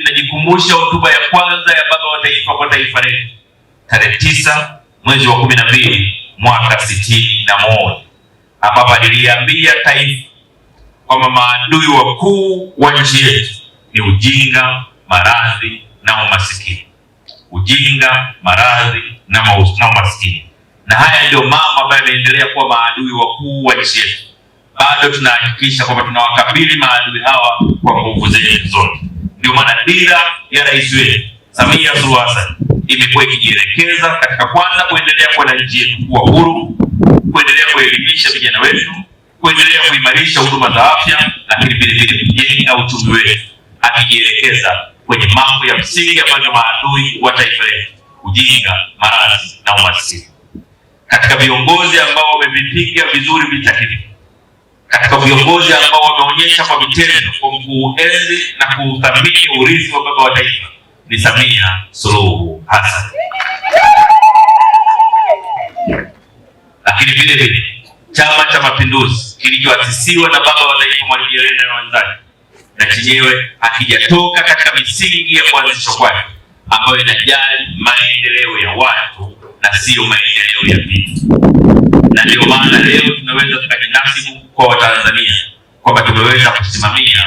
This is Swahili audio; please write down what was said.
Najikumbusha hotuba ya kwanza ya baba wa taifa kwa taifa letu tarehe tisa mwezi wa kumi na mbili mwaka sitini na moja ambapo aliliambia taifa kwamba maadui wakuu wa nchi yetu ni ujinga, maradhi na umasikini. Ujinga, maradhi na umasikini, na haya ndio mambo ambayo yameendelea kuwa maadui wakuu wa nchi yetu. Bado tunahakikisha kwamba tunawakabili maadui hawa kwa nguvu zetu zote. Ndio maana dira ya rais wetu Samia Suluhu Hassan imekuwa ikijielekeza katika kwanza kuendelea kuona nchi yetu kuwa huru, kuendelea kuelimisha vijana wetu, kuendelea kuimarisha huduma za afya, lakini vile vile kujenga uchumi wetu, akijielekeza kwenye mambo ya msingi ambayo maadui wa taifa letu ujinga, maradhi na umaskini. Katika viongozi ambao wamevipiga vizuri vita hivi, katika viongozi ambao wameonyesha kwa vitendo kuuenzi na kuuthamini urithi wa baba wa taifa ni Samia Suluhu Hassan. Lakini vile vile Chama cha Mapinduzi kilichoasisiwa na baba wa taifa Mwalimu Nyerere na wenzake, na chenyewe hakijatoka katika misingi ya kuanzishwa kwake ambayo inajali maendeleo ya watu na siyo maendeleo ya vitu, na ndio maana leo tunaweza tukajinasibu kwa Watanzania kwamba tumeweza kusimamia